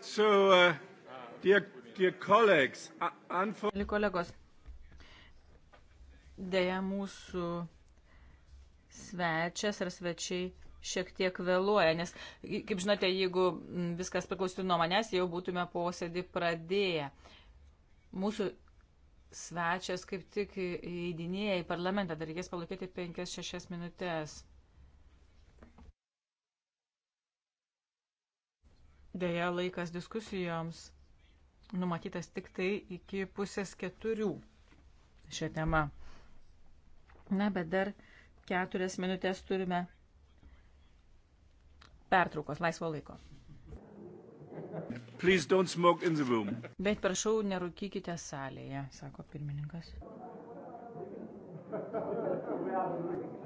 So, uh, dear, dear colleagues, uh, unfor... kolegos, dėja mūsų svečias ar svečiai šiek tiek vėluoja, nes, kaip žinote, jeigu viskas priklausytų nuo manęs, jau būtume posėdį pradėję. Mūsų svečias kaip tik įeidinėja į parlamentą, dar reikės palaukėti 5-6 minutės. Deja, laikas diskusijoms numatytas tik tai iki pusės keturių šią temą. Na, bet dar keturias minutės turime pertraukos, laisvo laiko. Bet prašau, nerūkykite salėje, sako pirmininkas.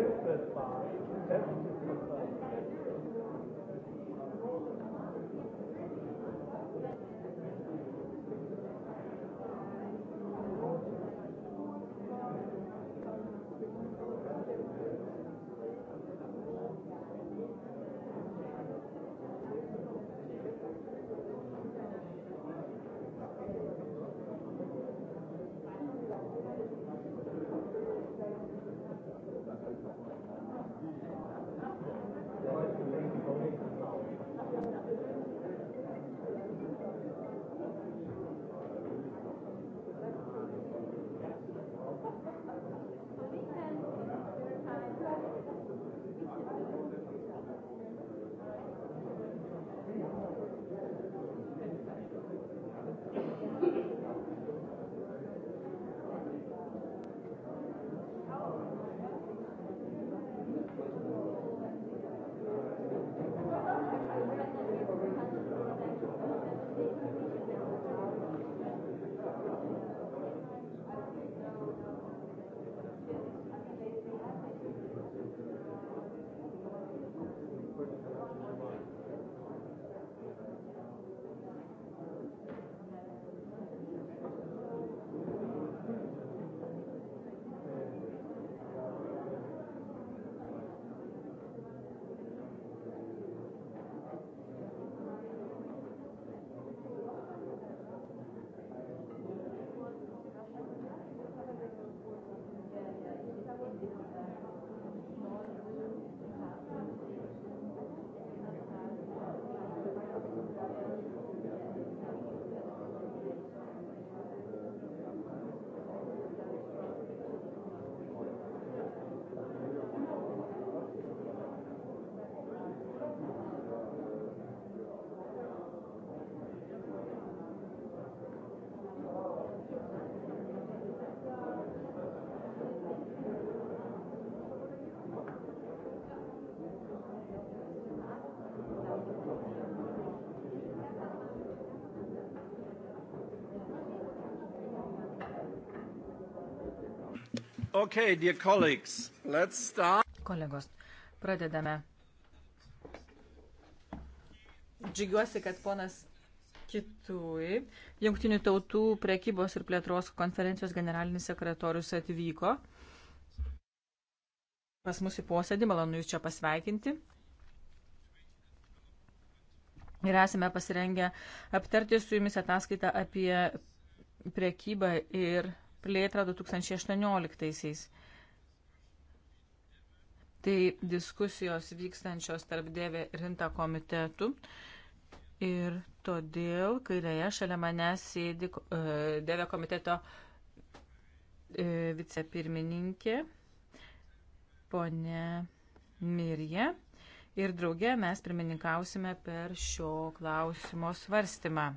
Thank you. Okay, dear colleagues, let's start. Kolegos, pradedame. Džiugiuosi, kad ponas Kitui, Junktinių tautų prekybos ir plėtros konferencijos generalinis sekretorius atvyko pas mus į posėdį, malonu Jūs čia pasveikinti. Ir esame pasirengę aptarti su Jumis ataskaitą apie prekybą ir plėtrą 2018-aisiais. Tai diskusijos vykstančios tarp dėvė rinta komitetų. Ir todėl kairėje šalia manęs sėdi e, dėvė komiteto e, vicepirmininkė ponė Mirje. Ir drauge mes pirmininkausime per šio klausimo svarstymą.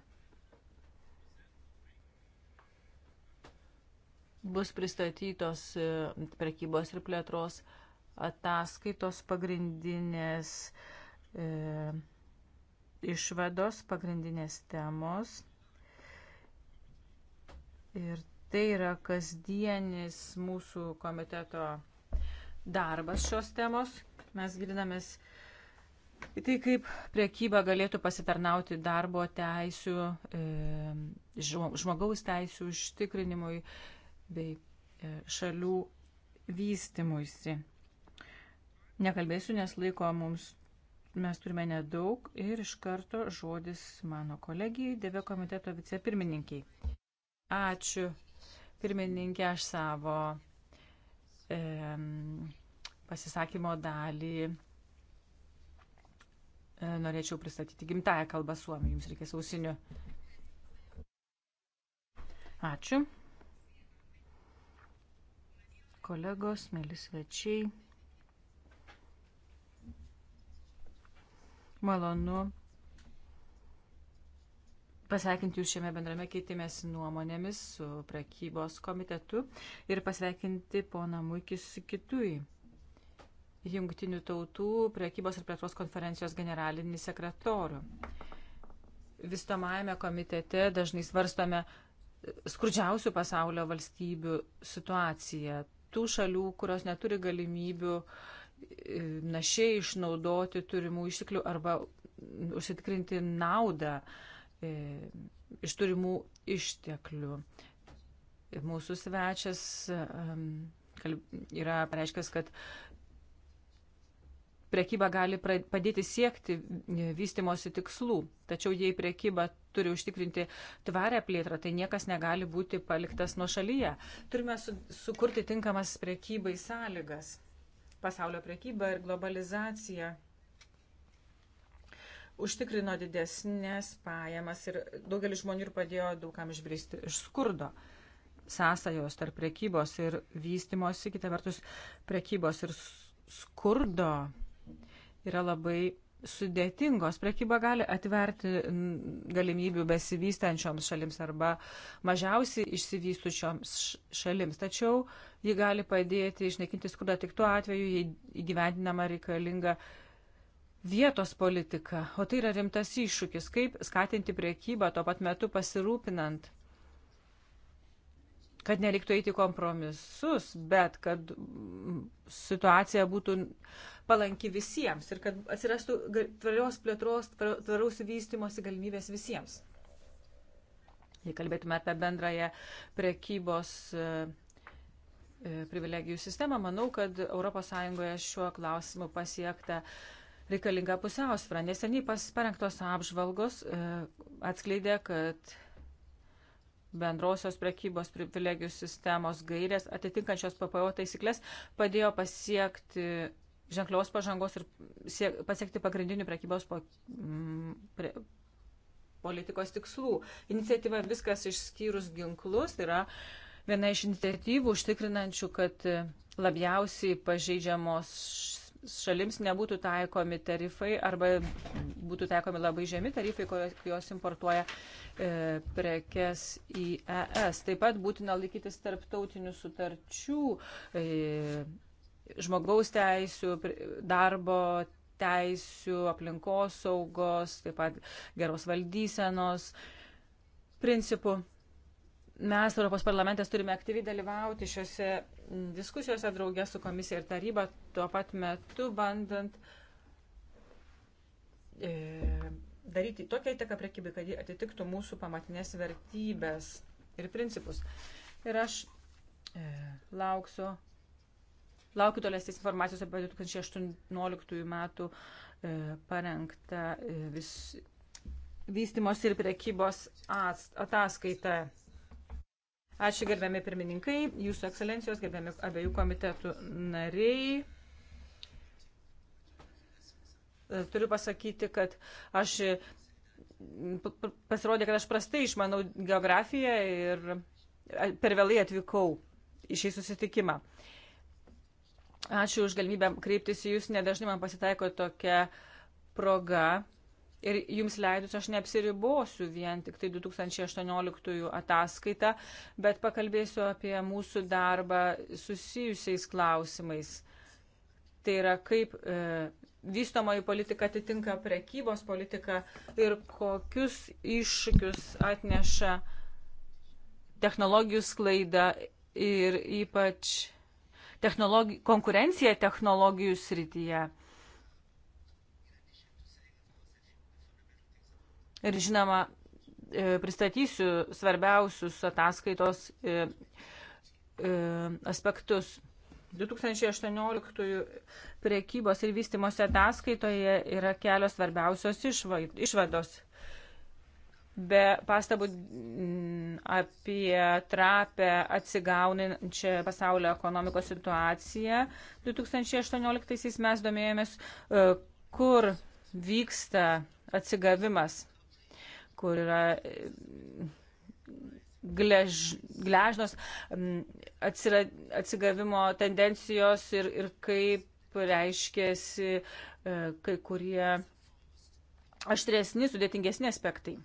bus pristatytos e, prekybos ir plėtros ataskaitos pagrindinės e, išvados, pagrindinės temos. Ir tai yra kasdienis mūsų komiteto darbas šios temos. Mes gilinamės į tai, kaip priekyba galėtų pasitarnauti darbo teisių, e, žmogaus teisių užtikrinimui bei e, šalių vystimuisi. Nekalbėsiu, nes laiko mums mes turime nedaug ir iš karto žodis mano kolegijai, Deve komiteto vicepirmininkiai. Ačiū, pirmininkė, aš savo e, pasisakymo dalį e, norėčiau pristatyti gimtają kalbą suomi, jums reikės ausinių. Ačiū kolegos, mėly svečiai. Malonu pasveikinti jūs šiame bendrame keitimės nuomonėmis su prekybos komitetu ir pasveikinti poną Muikis Kitui, Jungtinių tautų prekybos ir plėtros konferencijos generalinį sekretorių. Vistomajame komitete dažnai svarstome skurdžiausių pasaulio valstybių situaciją tų šalių, kurios neturi galimybių e, našiai išnaudoti turimų išteklių arba užsitikrinti naudą e, iš turimų išteklių. Mūsų svečias yra pareiškęs, kad prekyba gali padėti siekti e, vystimosi tikslų. Tačiau jei prekyba turi užtikrinti tvarę plėtrą, tai niekas negali būti paliktas nuo šalyje. Turime su, sukurti tinkamas prekybai sąlygas. Pasaulio prekyba ir globalizacija užtikrino didesnės pajamas ir daugelis žmonių ir padėjo daugam išbristi iš skurdo sąsajos tarp prekybos ir vystimosi, kita vertus, prekybos ir skurdo yra labai sudėtingos. Prekyba gali atverti galimybių besivystančioms šalims arba mažiausiai išsivystučioms šalims. Tačiau ji gali padėti išnaikinti skurdą tik tuo atveju, jei įgyvendinama reikalinga vietos politika. O tai yra rimtas iššūkis, kaip skatinti priekybą tuo pat metu pasirūpinant kad neliktų eiti kompromisus, bet kad situacija būtų palanki visiems ir kad atsirastų tvarios plėtros, tvaraus vystimosi galimybės visiems. Jei kalbėtume apie bendrąją prekybos e, e, privilegijų sistemą, manau, kad ES šiuo klausimu pasiekta reikalinga pusiausvyrą. Neseniai parengtos apžvalgos e, atskleidė, kad bendrosios prekybos privilegijų sistemos gairės atitinkančios PPO taisyklės padėjo pasiekti ženklios pažangos ir siek, pasiekti pagrindinių prekybos po, m, mm, pre, politikos tikslų. Iniciatyva viskas išskyrus ginklus yra viena iš iniciatyvų užtikrinančių, kad labiausiai pažeidžiamos šalims nebūtų taikomi tarifai arba būtų taikomi labai žemi tarifai, kurios importuoja e, prekes į ES. Taip pat būtina laikytis tarptautinių sutarčių. E, žmogaus teisų, darbo teisų, aplinkos saugos, taip pat geros valdysenos principų. Mes Europos parlamentas turime aktyviai dalyvauti šiuose diskusijose draugė su komisija ir taryba, tuo pat metu bandant e, daryti tokią įtaką prekybai, kad ji atitiktų mūsų pamatinės vertybės ir principus. Ir aš e, lauksiu Laukiu tolesnės informacijos apie 2018 metų e, parengtą e, vis, vystimos ir prekybos ataskaitą. Ačiū gerbiami pirmininkai, jūsų ekscelencijos, gerbiami abiejų komitetų nariai. E, turiu pasakyti, kad aš pasirodė, kad aš prastai išmanau geografiją ir per vėlai atvykau į šį susitikimą. Uh, Ačiū už galimybę kreiptis į Jūs, nedažnai man pasitaiko tokia proga. Ir jums leidus aš neapsiribosiu vien tik tai 2018 ataskaitą, bet pakalbėsiu apie mūsų darbą susijusiais klausimais. Tai yra, kaip e, vystomoji politika atitinka prekybos politiką ir kokius iššūkius atneša technologijų sklaida ir ypač technologi konkurencija technologijų srityje. Ir žinoma, e, pristatysiu svarbiausius ataskaitos e, e, aspektus. 2018 priekybos ir vystimosi ataskaitoje yra kelios svarbiausios išvados be pastabų apie trapę atsigaunančią pasaulio ekonomikos situaciją. 2018 mes domėjomės, e, kur vyksta atsigavimas, kur yra e, glež, gležnos atsira, atsigavimo tendencijos ir, ir kaip reiškėsi e, kai kurie aštresni, sudėtingesni aspektai.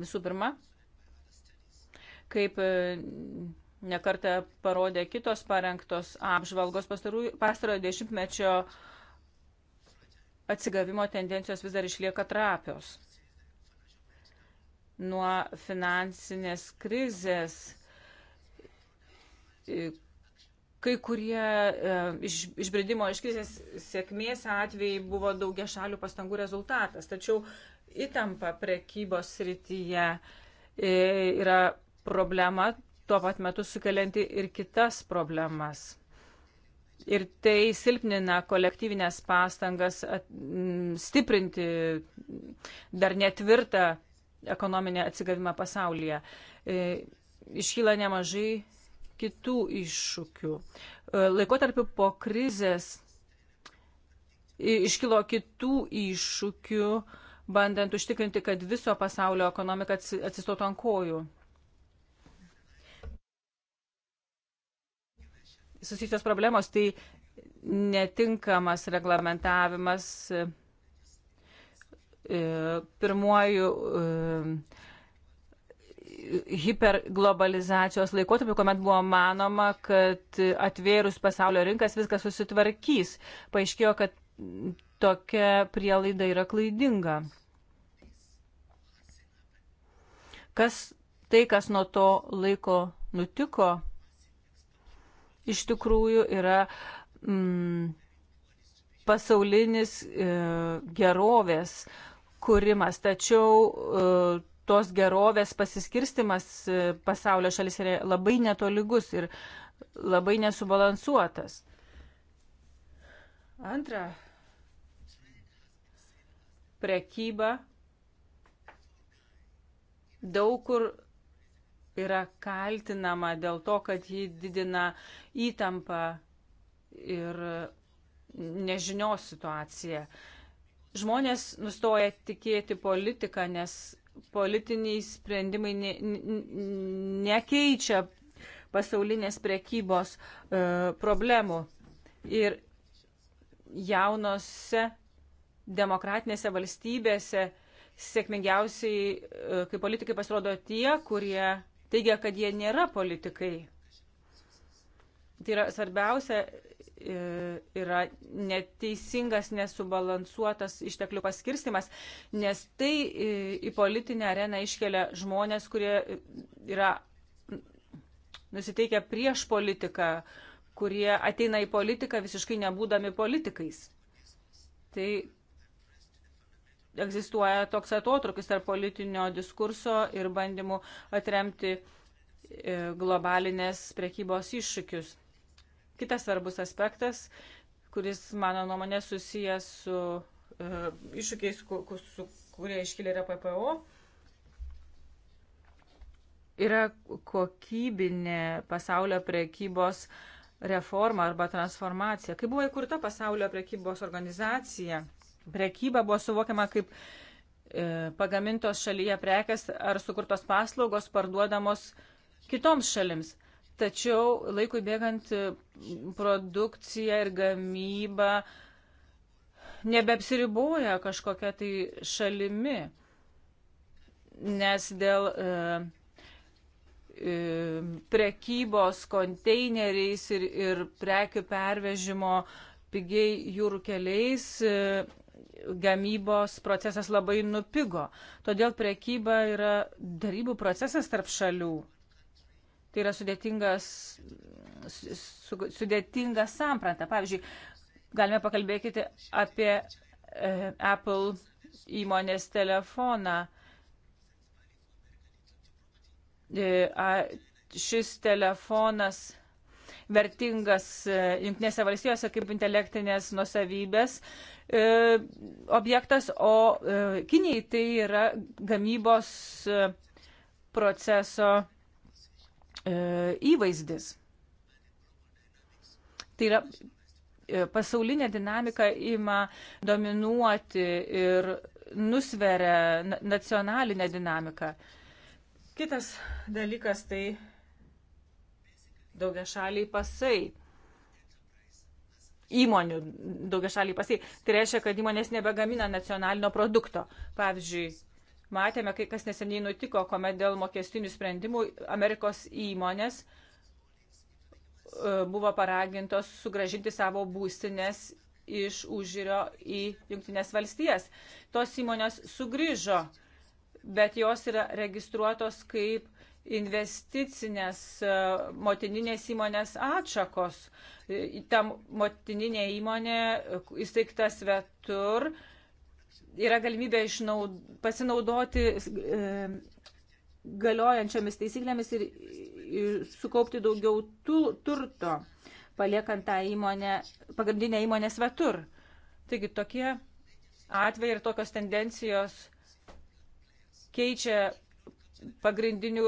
Visų pirma, kaip e, nekartą parodė kitos parengtos apžvalgos pastarojo dešimtmečio atsigavimo tendencijos vis dar išlieka trapios. Nuo finansinės krizės e, kai kurie e, iš, išbridimo iš krizės sėkmės atvejai buvo daugia šalių pastangų rezultatas. Tačiau įtampa prekybos srityje e, yra problema, tuo pat metu sukelianti ir kitas problemas. Ir tai silpnina kolektyvinės pastangas at, m, stiprinti dar netvirtą ekonominį atsigavimą pasaulyje. E, iškyla nemažai kitų iššūkių. E, laikotarpiu po krizės iškilo kitų iššūkių, e, bandant užtikrinti, kad viso pasaulio ekonomika atsistotų ant kojų. Susijusios problemos tai netinkamas reglamentavimas e, pirmuoju e, hiperglobalizacijos laikotarpiu, kuomet buvo manoma, kad atvėrus pasaulio rinkas viskas susitvarkys. Paaiškėjo, kad tokia prielaida yra klaidinga. Kas tai, kas nuo to laiko nutiko, iš tikrųjų yra mm, pasaulinis e, gerovės kūrimas. Tačiau e, tos gerovės pasiskirstimas e, pasaulio šalis yra labai netoligus ir labai nesubalansuotas. Antra, prekyba daug kur yra kaltinama dėl to, kad ji didina įtampą ir nežinios situaciją. Žmonės nustoja tikėti politiką, nes politiniai sprendimai ne, ne, nekeičia pasaulinės prekybos e, problemų. Ir jaunose demokratinėse valstybėse sėkmingiausiai e, kaip politikai pasirodo tie, kurie teigia, kad jie nėra politikai. Tai yra svarbiausia e, yra neteisingas, nesubalansuotas išteklių paskirstimas, nes tai e, į politinę areną iškelia žmonės, kurie yra nusiteikę prieš politiką, kurie ateina į politiką visiškai nebūdami politikais. Tai egzistuoja toks atotrukis tarp politinio diskurso ir bandymų atremti e, globalinės prekybos iššūkius. Kitas svarbus aspektas, kuris, mano nuomonė, susijęs su uh, iššūkiais, ku, ku, su, kurie iškilė yra PPO, yra kokybinė pasaulio prekybos reforma arba transformacija. Kai buvo įkurta pasaulio prekybos organizacija, Prekyba buvo suvokiama kaip e, pagamintos šalyje prekes ar sukurtos paslaugos parduodamos kitoms šalims. Tačiau laikui bėgant e, produkcija ir gamyba nebeapsiriboja kažkokia tai šalimi, nes dėl e, e, prekybos konteineriais ir, ir prekių pervežimo pigiai jūrų keliais e, gamybos procesas labai nupigo. Todėl prekyba yra darybų procesas tarp šalių. Tai yra sudėtingas, sudėtinga sampranta. Pavyzdžiui, galime pakalbėkite apie e, Apple įmonės telefoną. E, a, šis telefonas vertingas e, Junktinėse valstijose kaip intelektinės nusavybės e, objektas, o e, Kinijai tai yra gamybos proceso įvaizdis. Tai yra pasaulinė dinamika ima dominuoti ir nusveria nacionalinę dinamiką. Kitas dalykas tai daugia šaliai pasai. Įmonių daugia šaliai pasai. Tai reiškia, kad įmonės nebegamina nacionalinio produkto. Pavyzdžiui, matėme, kai kas neseniai nutiko, kuomet dėl mokestinių sprendimų Amerikos įmonės e, buvo paragintos sugražinti savo būstinės iš užžiūrio į Junktinės valstijas. Tos įmonės sugrįžo, bet jos yra registruotos kaip investicinės e, motininės įmonės atšakos. E, Ta motininė įmonė e, įsteigta svetur yra galimybė išnaud, pasinaudoti e, galiojančiomis taisyklėmis ir, ir sukaupti daugiau tu, turto, paliekant tą įmonę, pagrindinę įmonę svetur. Taigi tokie atvejai ir tokios tendencijos keičia pagrindinių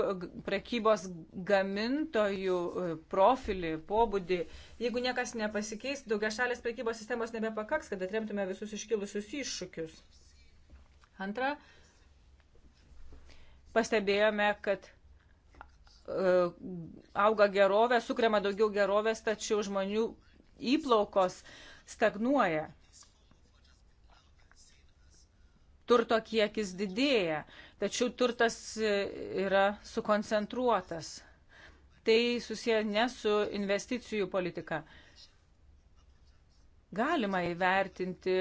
prekybos gamintojų e, profilį, pobūdį. Jeigu niekas nepasikeis, daugia šalės prekybos sistemos nebepakaks, kad atremtume visus iškilusius iššūkius. Antra, pastebėjome, kad e, auga gerovė, sukuriama daugiau gerovės, tačiau žmonių įplaukos stagnuoja turto kiekis didėja, tačiau turtas yra sukoncentruotas. Tai susiję ne su investicijų politika. Galima įvertinti,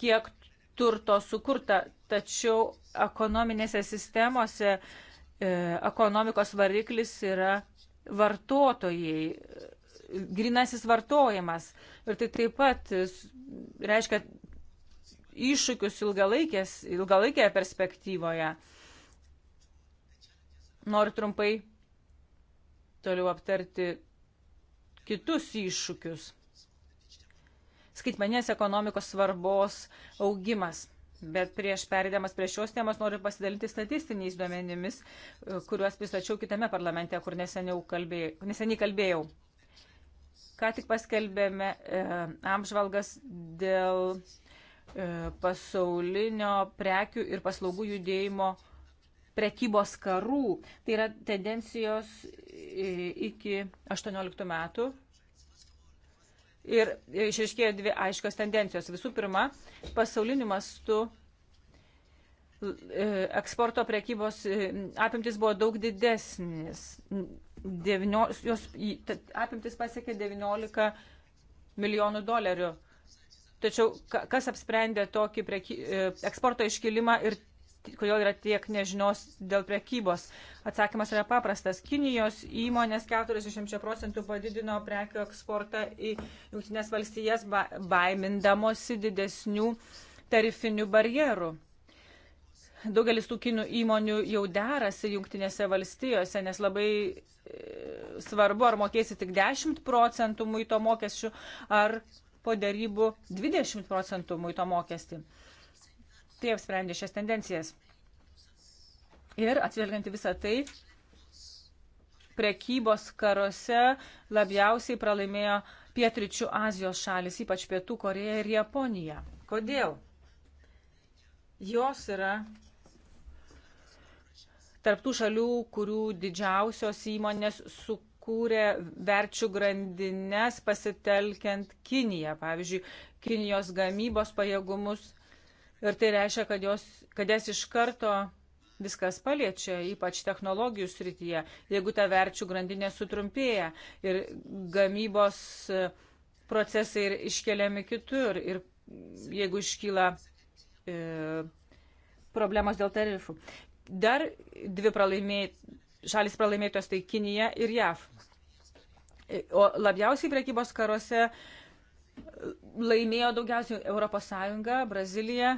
kiek turto sukurta, tačiau ekonominėse sistemose e, ekonomikos variklis yra vartotojai, grinasis vartojimas. Ir tai taip pat reiškia iššūkius ilgalaikėje perspektyvoje. Noriu trumpai toliau aptarti kitus iššūkius. Skaitmenės ekonomikos svarbos augimas. Bet prieš perėdamas prie šios temos noriu pasidalinti statistiniais duomenimis, kuriuos pristačiau kitame parlamente, kur kalbėjau, neseniai kalbėjau. Ką tik paskelbėme e, apžvalgas dėl E, pasaulinio prekių ir paslaugų judėjimo prekybos karų. Tai yra tendencijos e, iki 18 metų. Ir išaiškėjo dvi aiškios tendencijos. Visų pirma, pasauliniu mastu e, eksporto prekybos apimtis buvo daug didesnis. Devinio, jos apimtis pasiekė 19 milijonų dolerių Tačiau kas apsprendė tokį preky, e, eksporto iškilimą ir kodėl yra tiek nežinios dėl prekybos? Atsakymas yra paprastas. Kinijos įmonės 40 procentų padidino prekių eksportą į Junktinės valstijas baimindamosi didesnių tarifinių barjerų. Daugelis tų kinų įmonių jau derasi Junktinėse valstijose, nes labai e, svarbu, ar mokėsi tik 10 procentų muito mokesčių, ar po darybų 20 procentų muito mokestį. Tai apsprendė šias tendencijas. Ir atsižvelgiant į visą tai, prekybos karuose labiausiai pralaimėjo pietričių Azijos šalis, ypač Pietų Koreja ir Japonija. Kodėl? Jos yra tarptų šalių, kurių didžiausios įmonės su kūrė verčių grandinės pasitelkiant Kiniją, pavyzdžiui, Kinijos gamybos pajėgumus. Ir tai reiškia, kad, jos, kad jas iš karto viskas paliečia, ypač technologijų srityje, jeigu ta verčių grandinė sutrumpėja ir gamybos e, procesai ir iškeliami kitur ir jeigu iškyla e, problemos dėl tarifų. Dar dvi pralaimėjai šalis pralaimėtos tai Kinija ir JAV. O labiausiai prekybos karuose laimėjo daugiausiai ES, Brazilija.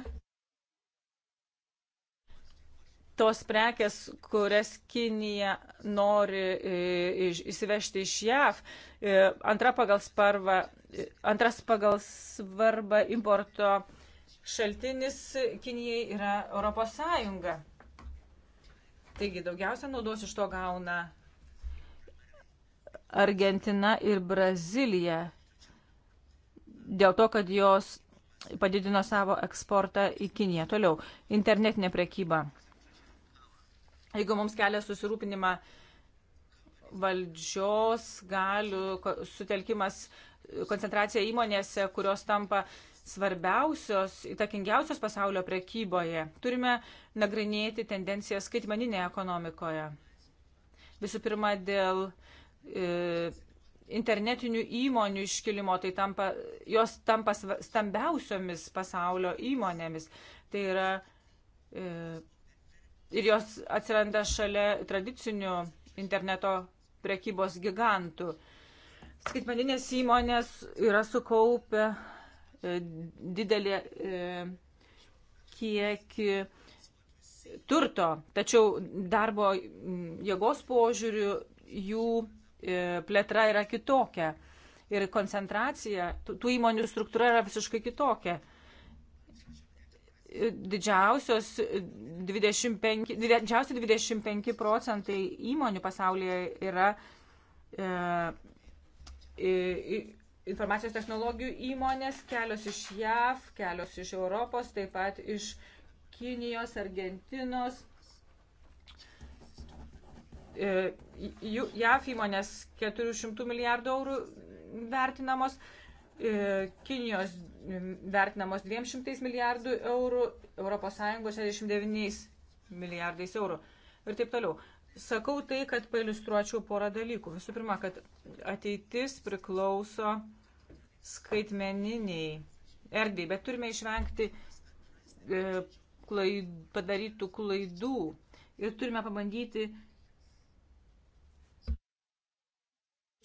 Tos prekes, kurias Kinija nori e, įsivežti iš JAV, e, antra pagal sparva, e, antras pagal svarbą importo šaltinis Kinijai yra ES. Taigi daugiausia naudos iš to gauna Argentina ir Brazilija dėl to, kad jos padidino savo eksportą į Kiniją. Toliau, internetinė prekyba. Jeigu mums kelia susirūpinimą valdžios galių sutelkimas, koncentracija įmonėse, kurios tampa uh, svarbiausios, įtakingiausios pasaulio prekyboje. Turime nagrinėti tendenciją skaitmaninėje ekonomikoje. Visų pirma, dėl e, internetinių įmonių iškilimo, tai tampa, jos tampa stambiausiomis pasaulio įmonėmis. Tai yra e, ir jos atsiranda šalia tradicinių interneto prekybos gigantų. Skaitmaninės įmonės yra sukaupę E, didelį e, kiekį turto, tačiau darbo jėgos požiūrių jų e, plėtra yra kitokia ir koncentracija, tų įmonių struktūra yra visiškai kitokia. Didžiausios 25, didžiausi 25 procentai įmonių pasaulyje yra e, e, informacijos technologijų įmonės, kelios iš JAV, kelios iš Europos, taip pat iš Kinijos, Argentinos. E, JAV įmonės 400 milijardų eurų vertinamos, e, Kinijos vertinamos 200 milijardų eurų, ES 69 milijardais eurų ir taip toliau. Sakau tai, kad pailistruočiau porą dalykų. Visų pirma, kad ateitis priklauso skaitmeniniai erdvėjai, bet turime išvengti e, klaid, padarytų klaidų ir turime pabandyti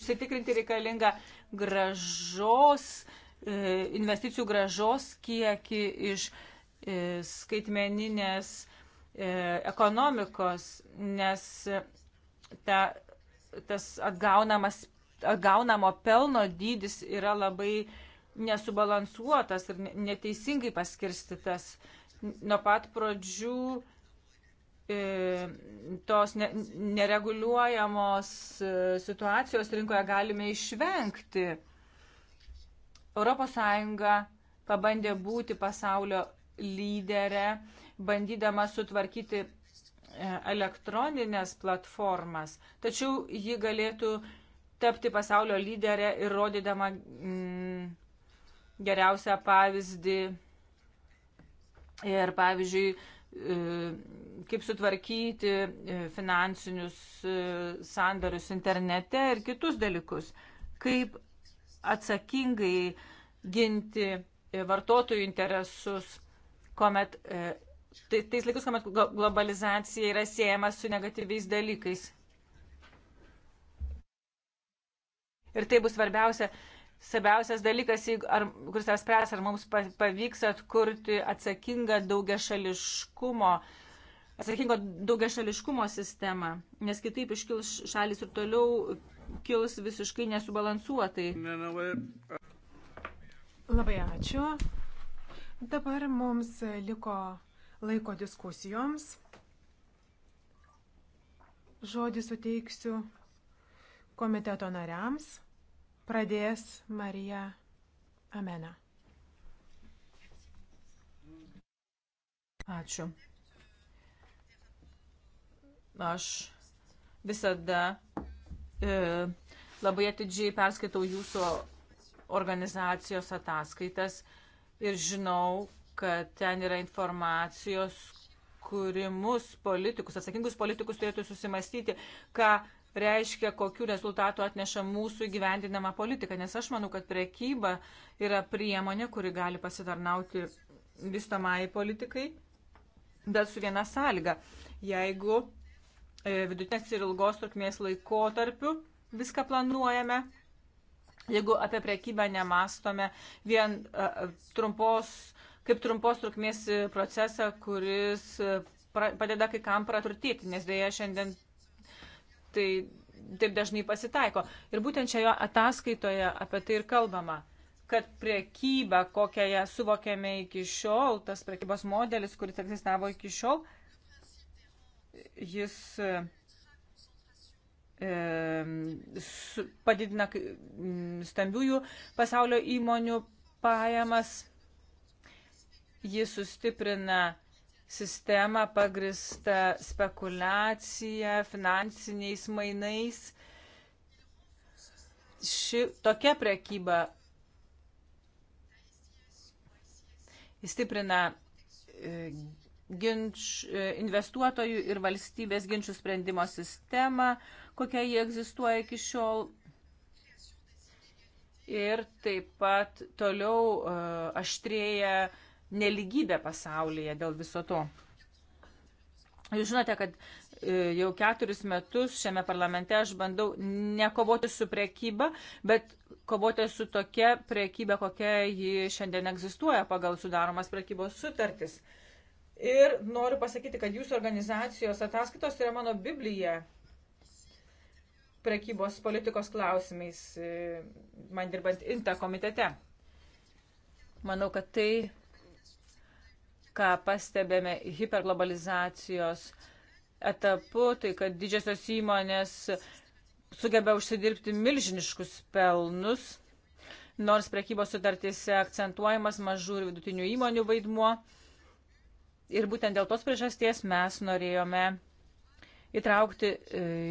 užsitikrinti reikalingą gražos, e, investicijų gražos kiekį iš e, skaitmeninės E, ekonomikos, nes ta, tas atgaunamas, atgaunamo pelno dydis yra labai nesubalansuotas ir neteisingai paskirstytas. Nuo pat pradžių e, tos nereguliuojamos e, situacijos rinkoje galime išvengti. ES pabandė būti pasaulio lyderė bandydama sutvarkyti e, elektroninės platformas, tačiau ji galėtų tapti pasaulio lyderė ir rodydama mm, geriausią pavyzdį ir, pavyzdžiui, e, kaip sutvarkyti e, finansinius sandarius internete ir kitus dalykus, kaip atsakingai ginti vartotojų interesus, kuomet tai, tais laikus, kuomet globalizacija yra siejama su negatyviais dalykais. Ir tai bus svarbiausia, svarbiausias dalykas, ar, kuris tavęs spręs, ar mums pavyks atkurti atsakingą daugia šališkumo, atsakingo daugia šališkumo sistemą, nes kitaip iškils šalis ir toliau kils visiškai nesubalansuotai. Labai ačiū. Dabar mums liko laiko diskusijoms. Žodį suteiksiu komiteto nariams. Pradės Marija Amena. Ačiū. Aš visada e, labai atidžiai perskaitau jūsų organizacijos ataskaitas ir žinau, kad ten yra informacijos, kuri mus politikus, atsakingus politikus turėtų susimastyti, ką reiškia, kokiu rezultatu atneša mūsų gyvendinama politika. Nes aš manau, kad prekyba yra priemonė, kuri gali pasitarnauti vystamai politikai, bet su viena sąlyga. Jeigu e, vidutinės ir ilgos trukmės laikotarpiu viską planuojame, jeigu apie prekybą nemastome vien a, e, e, trumpos kaip trumpos trukmės procesą, kuris e, pra, padeda kai kam praturtyti, nes dėja šiandien tai taip dažnai pasitaiko. Ir būtent šioje ataskaitoje apie tai ir kalbama kad priekyba, kokią ją suvokėme iki šiol, tas priekybos modelis, kuris egzistavo iki šiol, jis e, e, padidina stambiųjų pasaulio įmonių pajamas, Ji sustiprina sistemą pagristą spekulaciją, finansiniais mainais. Ši, tokia prekyba stiprina e, ginč, e, investuotojų ir valstybės ginčių sprendimo sistemą, kokia jie egzistuoja iki šiol. Ir taip pat toliau e, aštrėja uh, neligybę pasaulyje dėl viso to. Jūs žinote, kad e, jau keturis metus šiame parlamente aš bandau nekovoti su priekyba, bet kovoti su tokia priekyba, kokia ji šiandien egzistuoja pagal sudaromas priekybos sutartis. Ir noriu pasakyti, kad jūsų organizacijos ataskaitos yra mano Biblija prekybos politikos klausimais, e, man dirbant INTA komitete. Manau, kad tai ką pastebėme hiperglobalizacijos etapu, tai kad didžiosios įmonės sugeba užsidirbti milžiniškus pelnus, nors prekybos sutartyse akcentuojamas mažų ir vidutinių įmonių vaidmuo. Ir būtent dėl tos priežasties mes norėjome įtraukti e,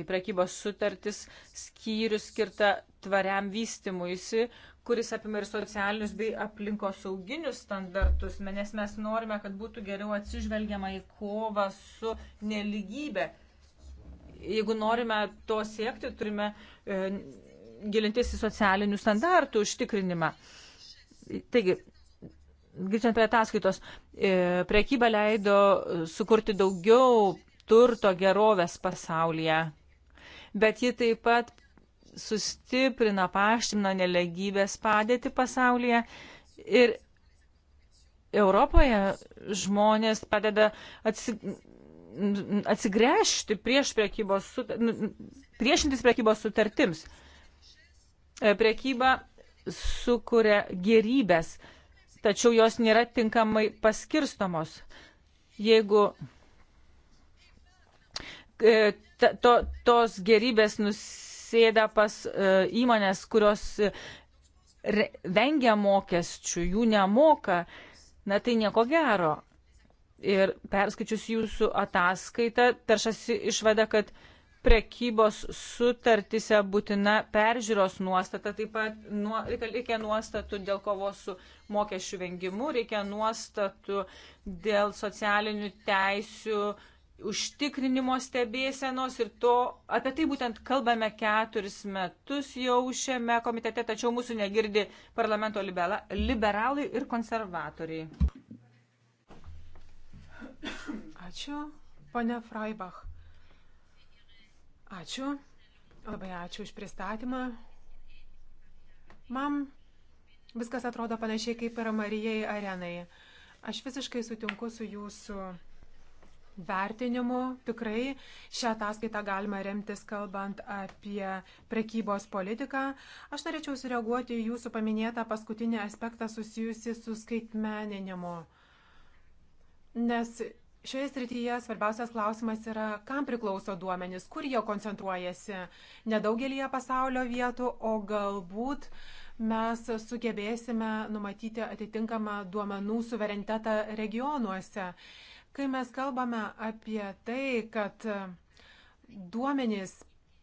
į prekybos sutartis skyrių skirtą tvariam vystimuisi, kuris apima ir socialinius bei aplinkosauginius standartus, nes mes norime, kad būtų geriau atsižvelgiama į kovą su neligybė. Jeigu norime to siekti, turime e, gilintis į socialinių standartų užtikrinimą. Taigi, grįžtant prie ataskaitos, e, prekyba leido sukurti daugiau turto gerovės pasaulyje, bet ji taip pat sustiprina, paština nelegybės padėti pasaulyje ir Europoje žmonės padeda atsi, atsigręžti prieš prekybos, priešintis prekybos sutartims. E, prekyba sukuria gerybės, tačiau jos nėra tinkamai paskirstomos. Jeigu e, to, tos gerybės nusipirkti, atsisėda pas e, įmonės, kurios e, vengia mokesčių, jų nemoka, na tai nieko gero. Ir perskaičius jūsų ataskaitą, taršasi išvada, kad prekybos sutartise būtina peržiūros nuostata, taip pat nuo, reikia nuostatų dėl kovos su mokesčių vengimu, reikia nuostatų dėl socialinių teisių užtikrinimo stebėsenos ir to, apie tai būtent kalbame keturis metus jau šiame komitete, tačiau mūsų negirdi parlamento libera, liberalai ir konservatoriai. Ačiū, ponia Freibach. Ačiū, labai ačiū už pristatymą. Man viskas atrodo panašiai kaip ir Marijai Arenai. Aš visiškai sutinku su jūsų vertinimu tikrai šią ataskaitą galima remtis, kalbant apie prekybos politiką. Aš norėčiau sureaguoti į jūsų paminėtą paskutinį aspektą susijusi su skaitmeninimu. Nes Šioje srityje svarbiausias klausimas yra, kam priklauso duomenys, kur jie koncentruojasi. Nedaugelį pasaulio vietų, o galbūt mes sugebėsime numatyti atitinkamą duomenų suverenitetą regionuose. Kai mes kalbame apie tai, kad e, duomenys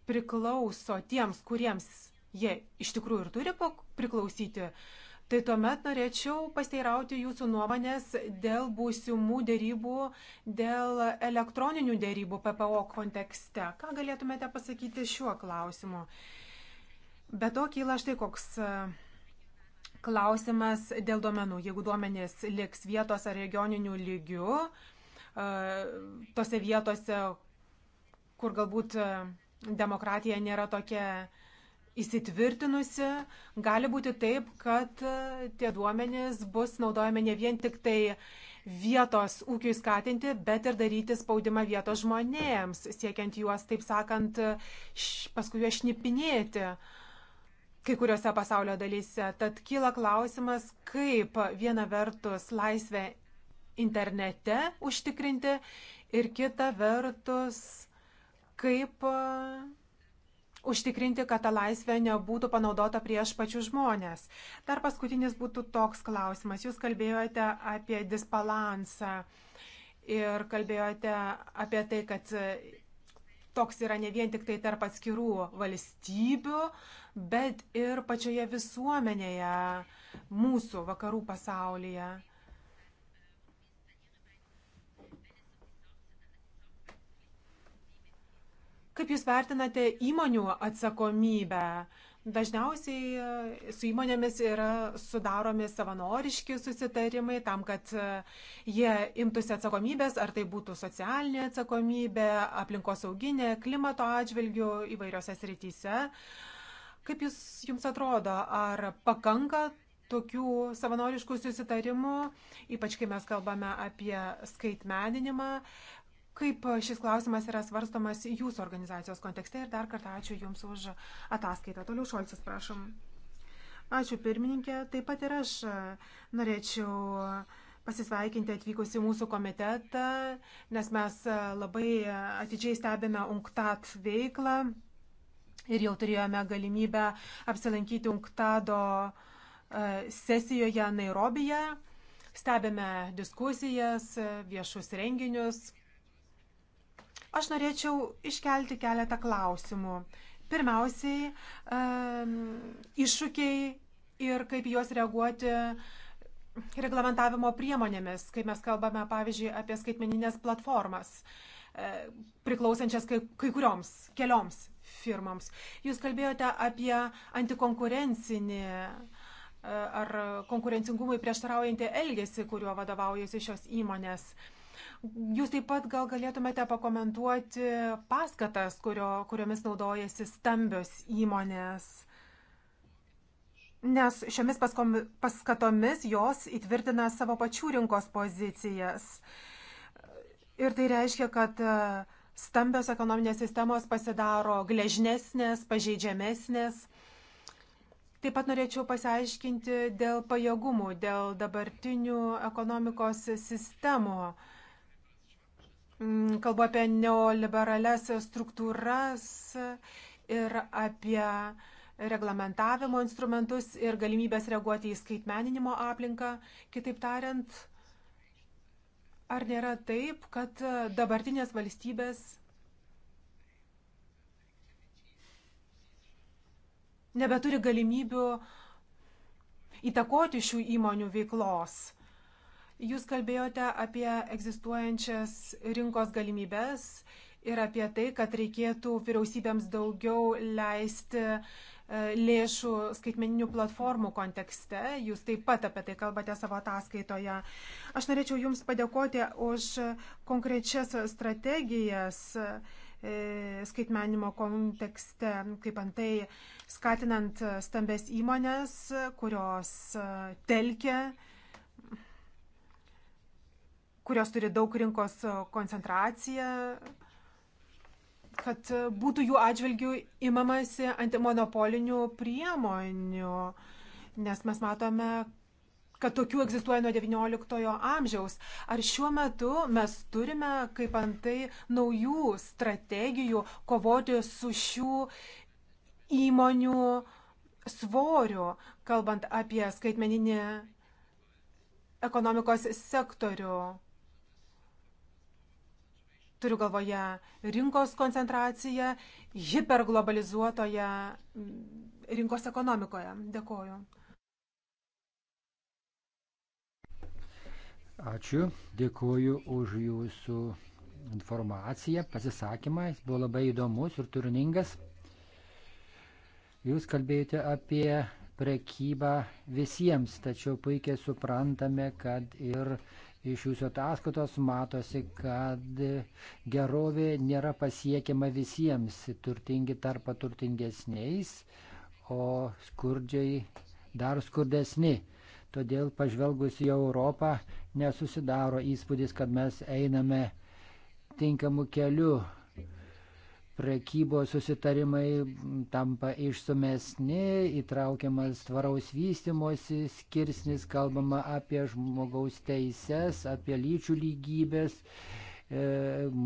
priklauso tiems, kuriems jie iš tikrųjų ir turi priklausyti, tai tuomet norėčiau pasteirauti jūsų nuomonės dėl būsimų dėrybų, dėl elektroninių dėrybų PPO kontekste. Ką galėtumėte pasakyti šiuo klausimu? Be to kyla štai koks e, klausimas dėl duomenų. Jeigu duomenys liks vietos ar regioninių lygių, tose vietose, kur galbūt demokratija nėra tokia įsitvirtinusi, gali būti taip, kad tie duomenys bus naudojami ne vien tik tai vietos ūkiui skatinti, bet ir daryti spaudimą vietos žmonėms, siekiant juos, taip sakant, paskui juos šnipinėti kai kuriuose pasaulio dalyse. Tad kyla klausimas, kaip viena vertus laisvė internete užtikrinti ir kita vertus, kaip e, užtikrinti, kad ta laisvė nebūtų panaudota prieš pačius žmonės. Dar paskutinis būtų toks klausimas. Jūs kalbėjote apie disbalansą ir kalbėjote apie tai, kad toks yra ne vien tik tai tarp atskirų valstybių, bet ir pačioje visuomenėje mūsų vakarų pasaulyje. Kaip Jūs vertinate įmonių atsakomybę? Dažniausiai e, su įmonėmis yra sudaromi savanoriški susitarimai tam, kad e, jie imtųsi atsakomybės, ar tai būtų socialinė atsakomybė, aplinkosauginė, klimato atžvilgių įvairiose srityse. Kaip jūs, jums atrodo, ar pakanka tokių savanoriškų susitarimų, ypač kai mes kalbame apie skaitmeninimą, kaip e, šis klausimas yra svarstomas jūsų organizacijos kontekste ir dar kartą ačiū Jums už ataskaitą. Toliau Šolcis, prašom. Ačiū pirmininkė, taip pat ir aš e, norėčiau pasisveikinti atvykus į mūsų komitetą, nes mes e, labai atidžiai stebime UNCTAD veiklą ir jau turėjome galimybę apsilankyti UNCTADo sesijoje Nairobije. Stebime diskusijas, viešus renginius. Aš norėčiau iškelti keletą klausimų. Pirmiausiai, iššūkiai ir kaip juos reaguoti reglamentavimo priemonėmis, kai mes kalbame, pavyzdžiui, apie skaitmeninės platformas, e, priklausančias kai, kai kurioms, kelioms firmoms. Jūs kalbėjote apie antikonkurencinį e, ar konkurencingumui prieštaraujantį elgesį, kuriuo vadovaujasi šios įmonės. Uh, Jūs taip pat gal galėtumėte pakomentuoti paskatas, kurio, kuriomis naudojasi stambios įmonės. Nes šiomis paskom, paskatomis jos įtvirtina savo pačių rinkos pozicijas. Ir tai reiškia, kad e, stambios ekonominės sistemos pasidaro gležnesnės, pažeidžiamesnės. Taip pat norėčiau pasiaiškinti dėl pajėgumų, dėl dabartinių ekonomikos sistemų. Mm, kalbu apie neoliberales struktūras ir apie reglamentavimo instrumentus ir galimybės reaguoti į skaitmeninimo aplinką. Kitaip tariant, ar nėra taip, kad dabartinės valstybės nebeturi galimybių įtakoti šių įmonių veiklos? Jūs kalbėjote apie egzistuojančias rinkos galimybės ir apie tai, kad reikėtų vyriausybėms daugiau leisti e, lėšų skaitmeninių platformų kontekste. Jūs taip pat apie tai kalbate savo ataskaitoje. Aš norėčiau Jums padėkoti už konkrečias strategijas e, skaitmenimo kontekste, kaip antai skatinant stambes įmonės, kurios e, telkia kurios turi daug rinkos e, koncentraciją, kad e, būtų jų atžvilgių imamasi antimonopolinių priemonių, nes mes matome, kad tokių egzistuoja nuo XIX amžiaus. Ar šiuo metu mes turime kaip antai naujų strategijų kovoti su šių įmonių svoriu, kalbant apie skaitmeninį ekonomikos sektorių? Turiu galvoje rinkos koncentraciją hiperglobalizuotoje mm, rinkos ekonomikoje. Dėkoju. Ačiū, dėkoju už jūsų informaciją, pasisakymą. Jis buvo labai įdomus ir turiningas. Jūs kalbėjote apie prekybą visiems, tačiau puikiai suprantame, kad ir Iš jūsų ataskaitos matosi, kad gerovė nėra pasiekiama visiems, turtingi tarpa turtingesniais, o skurdžiai dar skurdesni. Todėl pažvelgus į Europą nesusidaro įspūdis, kad mes einame tinkamu keliu prekybos susitarimai tampa išsumesni, įtraukiamas tvaraus vystimosi skirsnis, kalbama apie žmogaus teises, apie lyčių lygybės, e,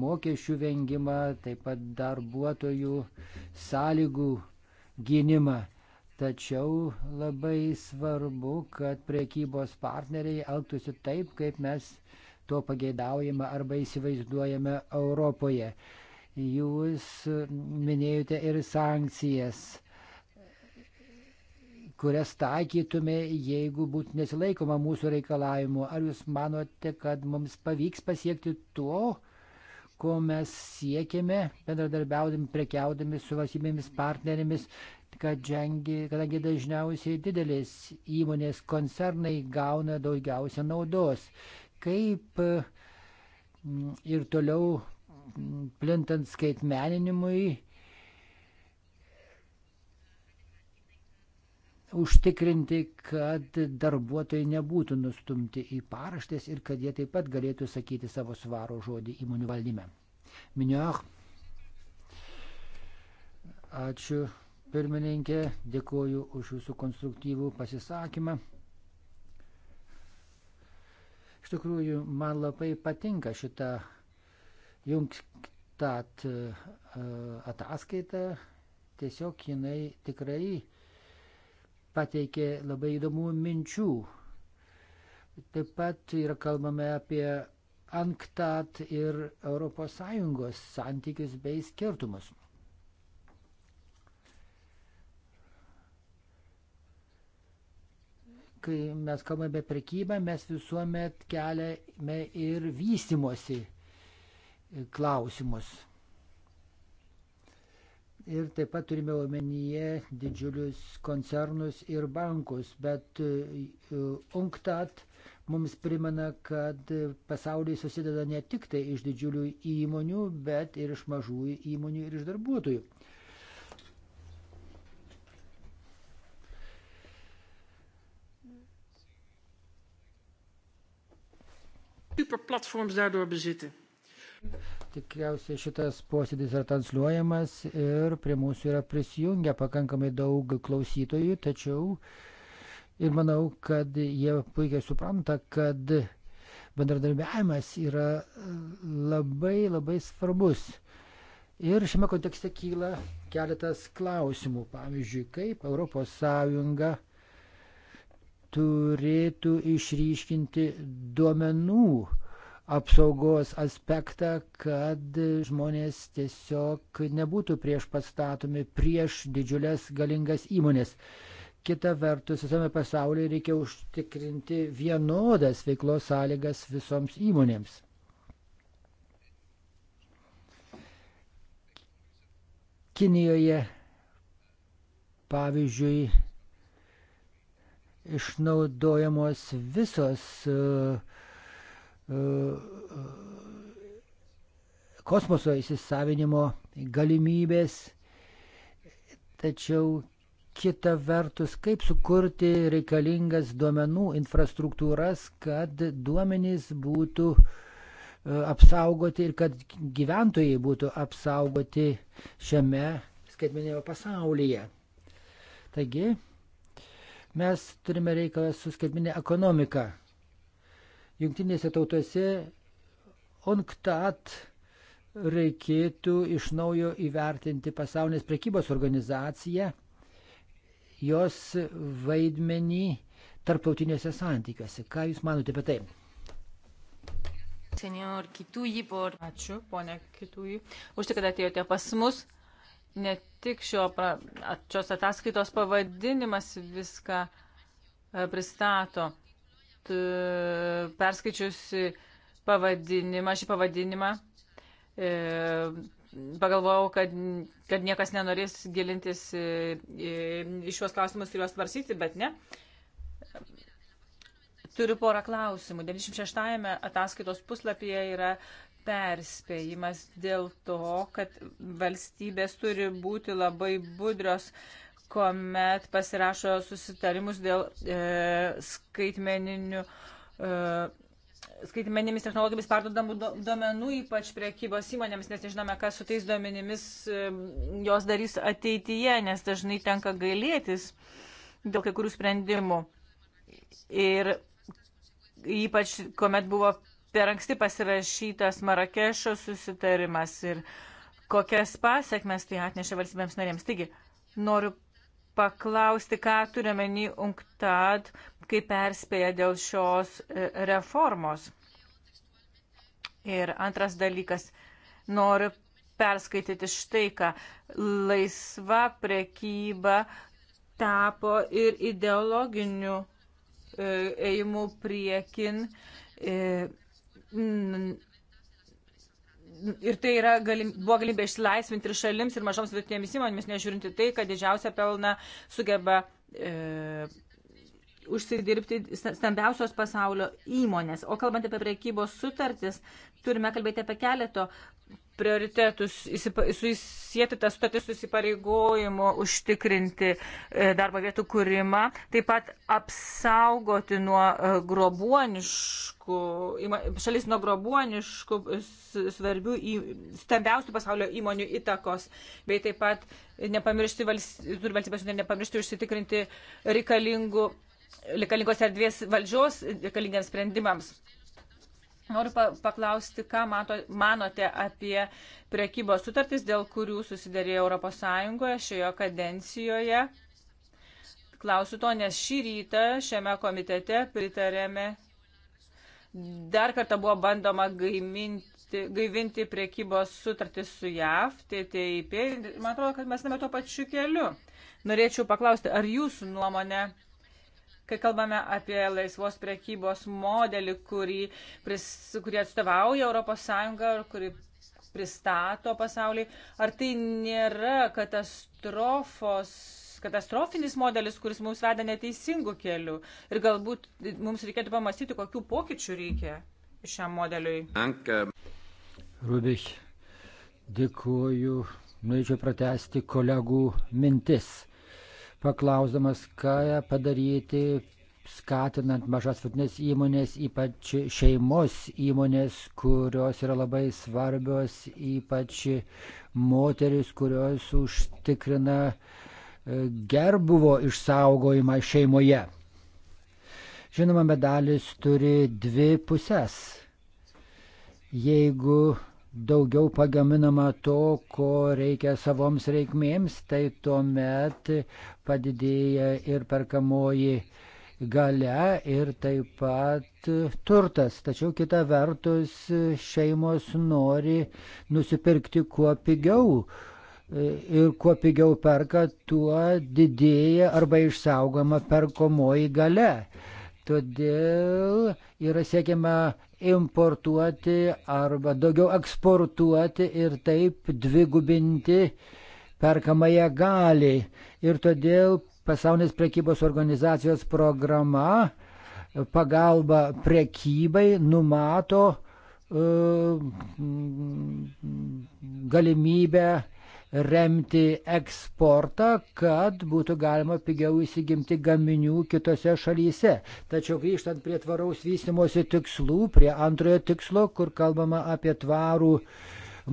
mokesčių vengimą, taip pat darbuotojų sąlygų gynimą. Tačiau labai svarbu, kad priekybos partneriai elgtųsi taip, kaip mes to pageidaujame arba įsivaizduojame Europoje. Jūs minėjote ir sankcijas, kurias taikytume, jeigu būtų nesilaikoma mūsų reikalavimų. Ar jūs manote, kad mums pavyks pasiekti to, ko mes siekime, bendradarbiaudami, prekiaudami su valstybėmis partnerėmis, kad žengi, kadangi dažniausiai didelės įmonės koncernai gauna daugiausia naudos. Kaip mm, ir toliau plintant skaitmeninimui užtikrinti, kad darbuotojai nebūtų nustumti į paraštės ir kad jie taip pat galėtų sakyti savo svaro žodį įmonių valdyme. Minioch. Ačiū pirmininkė, dėkoju už jūsų konstruktyvų pasisakymą. Iš tikrųjų, man labai patinka šita Jungtat e, ataskaita tiesiog jinai tikrai pateikė labai įdomų minčių. Taip pat yra kalbame apie Anktat ir ES santykius bei skirtumus. Kai mes kalbame apie prekybą, mes visuomet keliame ir vystimosi klausimus. Ir taip pat turime omenyje didžiulius koncernus ir bankus, bet e, UNCTAD mums primena, kad pasauliai susideda ne tik tai iš didžiulių įmonių, bet ir iš mažųjų įmonių ir iš darbuotojų. Superplatforms daardoor bezitten. Tikriausiai šitas posėdis yra transliuojamas ir prie mūsų yra prisijungę pakankamai daug klausytojų, tačiau ir manau, kad jie puikiai supranta, kad bendradarbiavimas yra labai labai svarbus. Ir šiame kontekste kyla keletas klausimų. Pavyzdžiui, kaip ES turėtų išryškinti duomenų apsaugos aspektą, kad žmonės tiesiog nebūtų prieš pastatomi prieš didžiulės galingas įmonės. Kita vertus, visame pasaulyje reikia užtikrinti vienodas veiklos sąlygas visoms įmonėms. Kinijoje, pavyzdžiui, išnaudojamos visos uh, E, e, kosmoso įsisavinimo galimybės, tačiau kita vertus, kaip sukurti reikalingas duomenų infrastruktūras, kad duomenys būtų e, apsaugoti ir kad gyventojai būtų apsaugoti šiame skaitmenėme pasaulyje. Taigi, mes turime reikalą su skaitminė ekonomika. Jungtinėse tautose ONCTAT reikėtų iš naujo įvertinti pasaulinės prekybos organizaciją, jos vaidmenį tarptautiniuose santykiuose. Ką Jūs manote apie tai? Senior Kituji, por... Ačiū, ponia Kituji, už tai, kad atėjote pas mus. Ne tik šio, šios ataskaitos pavadinimas viską e, pristato. E, perskaičiusi pavadinimą, šį pavadinimą, e, pagalvojau, kad, kad niekas nenorės gilintis e, į šiuos klausimus ir juos svarsyti, bet ne. Turiu porą klausimų. 96-ame ataskaitos puslapyje yra perspėjimas dėl to, kad valstybės turi būti labai budrios, kuomet pasirašo susitarimus dėl e, skaitmeninių. E, skaitmeninėmis technologijomis perdodamų duomenų, ypač priekybos įmonėms, nes nežinome, kas su tais duomenimis e, jos darys ateityje, nes dažnai tenka gailėtis dėl kai kurių sprendimų. Ir ypač, kuomet buvo per anksti pasirašytas Marakešo susitarimas ir kokias pasiekmes tai atnešė valstybėms narėms. Taigi, noriu paklausti, ką turiuomenį UNCTAD, kaip perspėja dėl šios e, reformos. Ir antras dalykas, noriu perskaityti štai ką. Laisva prekyba tapo ir ideologiniu e, ėjimu priekin. E, ir tai yra, galim, buvo galimybė išsilaisvinti ir šalims, ir mažoms vidutinėmis įmonėmis, nežiūrinti tai, kad didžiausią pelną sugeba e, užsidirbti stambiausios pasaulio įmonės. O kalbant apie priekybos sutartis, turime kalbėti apie keleto prioritetus, susijęti tą sutartį su įsipareigojimu užtikrinti e, darbo vietų kūrimą, taip pat apsaugoti nuo e, grobuoniškų, šalis nuo grobuoniškų svarbių, stambiausių pasaulio įmonių įtakos, bei taip pat nepamiršti, turi valstybės nepamiršti užsitikrinti reikalingų, reikalingos erdvės valdžios reikalingiems sprendimams. Noriu paklausti, ką mato, manote apie prekybos sutartis, dėl kurių susidarėjo ES šioje kadencijoje. Klausiu to, nes šį rytą šiame komitete pritarėme. Dar kartą buvo bandoma gaiminti, gaivinti prekybos sutartį su JAV, TTIP. Man atrodo, kad mes name tuo pačiu keliu. Norėčiau paklausti, ar jūsų nuomonė kai kalbame apie laisvos prekybos modelį, kurį, pris, kurį atstovauja ES ir kurį pristato pasauliai, ar tai nėra katastrofos katastrofinis modelis, kuris mums veda neteisingų kelių. Ir galbūt mums reikėtų pamastyti, kokių pokyčių reikia šiam modeliui. Anka. Rubiš, dėkuoju. Norėčiau pratesti kolegų mintis paklausdamas, ką padaryti, skatinant mažas vidinės įmonės, ypač šeimos įmonės, kurios yra labai svarbios, ypač moteris, kurios užtikrina e, gerbuvo išsaugojimą šeimoje. Žinoma, medalis turi dvi pusės. Jeigu daugiau pagaminama to, ko reikia savoms reikmėms, tai tuomet padidėja ir perkamoji gale ir taip pat turtas. Tačiau kita vertus šeimos nori nusipirkti kuo pigiau. E, ir kuo pigiau perka, tuo didėja arba išsaugoma perkomoji gale. Todėl yra siekiama importuoti arba daugiau eksportuoti ir taip dvigubinti perkamąją galį. Ir todėl pasaulinės prekybos organizacijos programa pagalba prekybai numato uh, galimybę remti eksportą, kad būtų galima pigiau įsigimti gaminių kitose šalyse. Tačiau grįžtant prie tvaraus vystimosi tikslų, prie antrojo tikslo, kur kalbama apie tvarų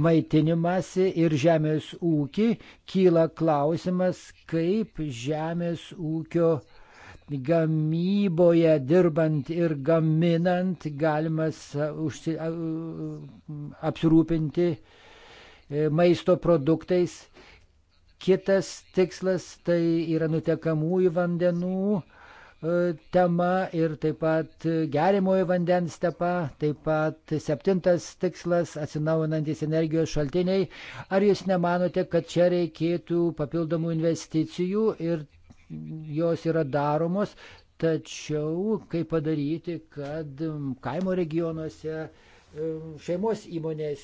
maitinimąsi ir žemės ūkį, kyla klausimas, kaip žemės ūkio gamyboje dirbant ir gaminant galima apsirūpinti uh, E, maisto produktais. Kitas tikslas tai yra nutekamųjų vandenų e, tema ir taip pat gerimojo vandens tepa, taip pat septintas tikslas - atsinaujinantis energijos šaltiniai. Ar jūs nemanote, kad čia reikėtų papildomų investicijų ir jos yra daromos, tačiau kaip padaryti, kad kaimo regionuose šeimos įmonės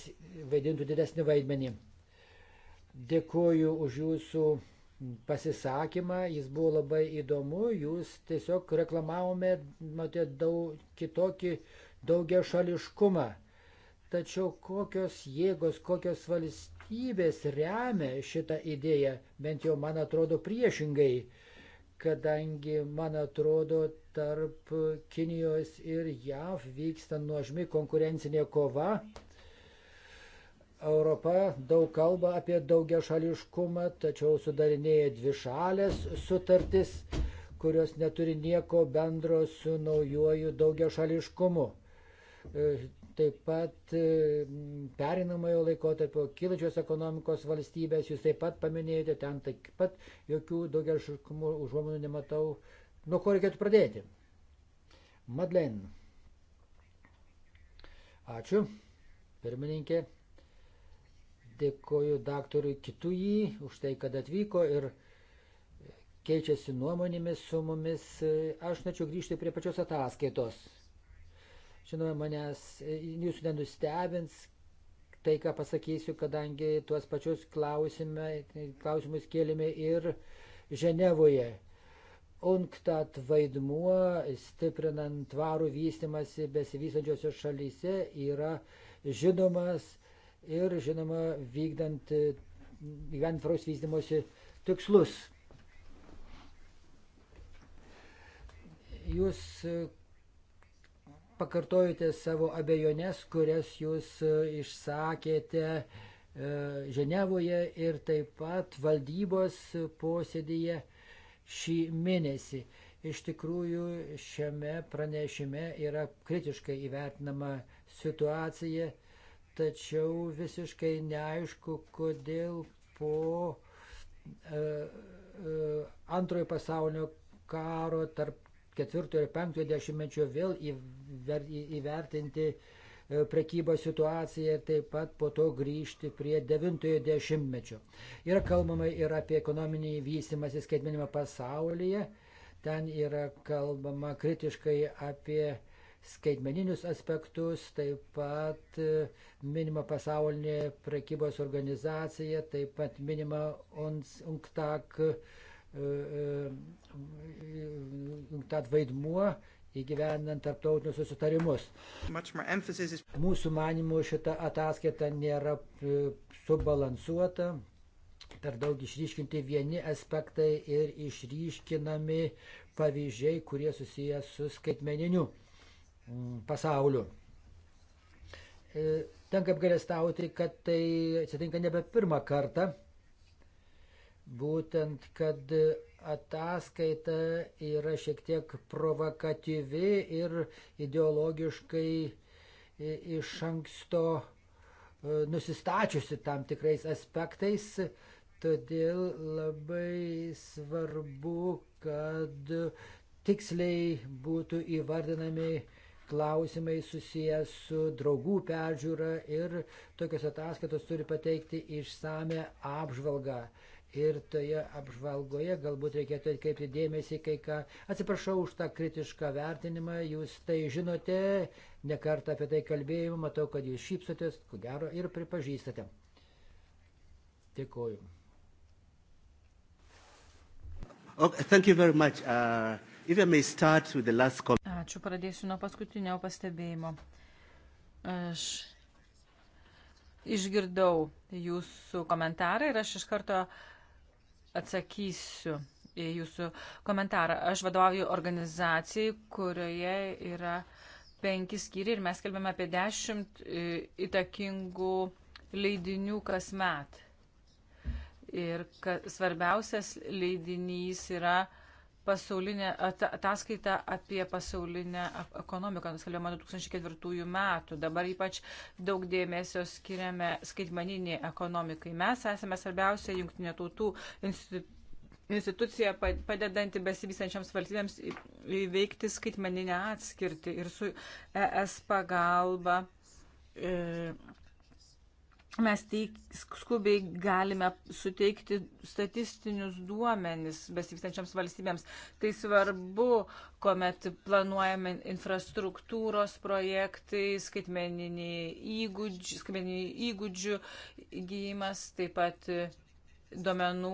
vaidintų didesnį vaidmenį. Dėkuoju už jūsų pasisakymą, jis buvo labai įdomu, jūs tiesiog reklamavome, matėte, daug kitokį daugia šališkumą. Tačiau kokios jėgos, kokios valstybės remia šitą idėją, bent jau man atrodo priešingai, kadangi man atrodo tarp Kinijos ir JAV vyksta nuožmi konkurencinė kova. Europa daug kalba apie daugia šališkumą, tačiau sudarinėja dvi šalės sutartis, kurios neturi nieko bendro su naujoju daugia šališkumu. E, taip pat e, perinamojo laikotarpio kilačios ekonomikos valstybės, jūs taip pat paminėjote, ten taip pat jokių daugia šališkumų užuomonų nematau, Nuo ko reikėtų pradėti? Madlen. Ačiū, pirmininkė. Dėkoju daktarui Kitui už tai, kad atvyko ir keičiasi nuomonėmis su mumis. Aš norėčiau grįžti prie pačios ataskaitos. Žinoma, manęs jūsų nenustebins tai, ką pasakysiu, kadangi tuos pačius klausimai, klausimus kėlėme ir Ženevoje. UNCTAD vaidmuo stiprinant tvarų vystimasi besivystančiose šalyse yra žinomas ir žinoma vykdant gyvent tvaraus vystimosi tikslus. Jūs pakartojate savo abejonės, kurias jūs išsakėte e, Ženevoje ir taip pat valdybos posėdėje šį mėnesį. Iš tikrųjų, šiame pranešime yra kritiškai įvertinama situacija, tačiau visiškai neaišku, kodėl po e, e, antrojo pasaulio karo tarp ketvirtojo ir penktojo dešimtmečio vėl įver, įvertinti e, E, prekybos situaciją ir taip pat po to grįžti prie 90-ojo dešimtmečio. Yra kalbama ir apie ekonominį vystimąsi skaitmenimą pasaulyje. Ten yra kalbama kritiškai apie skaitmeninius aspektus, taip pat e, minima pasaulinė prekybos organizacija, taip pat minima UNCTAC UNCTAD e, vaidmuo įgyvendant tarptautinius susitarimus. Mūsų manimų šita ataskaita nėra e, subalansuota, per daug išryškinti vieni aspektai ir išryškinami pavyzdžiai, kurie susiję su skaitmeniniu mm, pasauliu. E, tenka apgalėstauti, kad tai atsitinka nebe pirmą kartą, būtent kad ataskaita yra šiek tiek provokatyvi ir ideologiškai e, iš anksto e, nusistačiusi tam tikrais aspektais. Todėl labai svarbu, kad tiksliai būtų įvardinami klausimai susijęs su draugų peržiūra ir tokios ataskaitos turi pateikti išsame apžvalgą. Ir toje apžvalgoje galbūt reikėtų atkreipti dėmesį kai ką. Atsiprašau už tą kritišką vertinimą, jūs tai žinote, nekartą apie tai kalbėjau, matau, kad jūs šypsotės, ko gero, ir pripažįstate. Dėkoju. Uh, Ačiū, pradėsiu nuo paskutinio pastebėjimo. Aš išgirdau jūsų komentarą ir aš iš karto atsakysiu į jūsų komentarą. Aš vadovauju organizacijai, kurioje yra penki skyri ir mes kalbame apie dešimt e, įtakingų leidinių kasmet. Ir ka, svarbiausias leidinys yra uh, pasaulinė ataskaita apie pasaulinę ekonomiką nuskalbama 2004 metų. Dabar ypač daug dėmesio skiriame skaitmaniniai ekonomikai. Mes esame svarbiausia jungtinė tautų institucija padedanti besivystančiams valstybėms įveikti skaitmeninę atskirtį ir su ES pagalba. E, mes teik, skubiai galime suteikti statistinius duomenis besivykstančiams valstybėms. Tai svarbu, kuomet planuojame infrastruktūros projektai, skaitmeniniai įgūdžių, skaitmeniniai įgūdžių gyjimas, taip pat duomenų,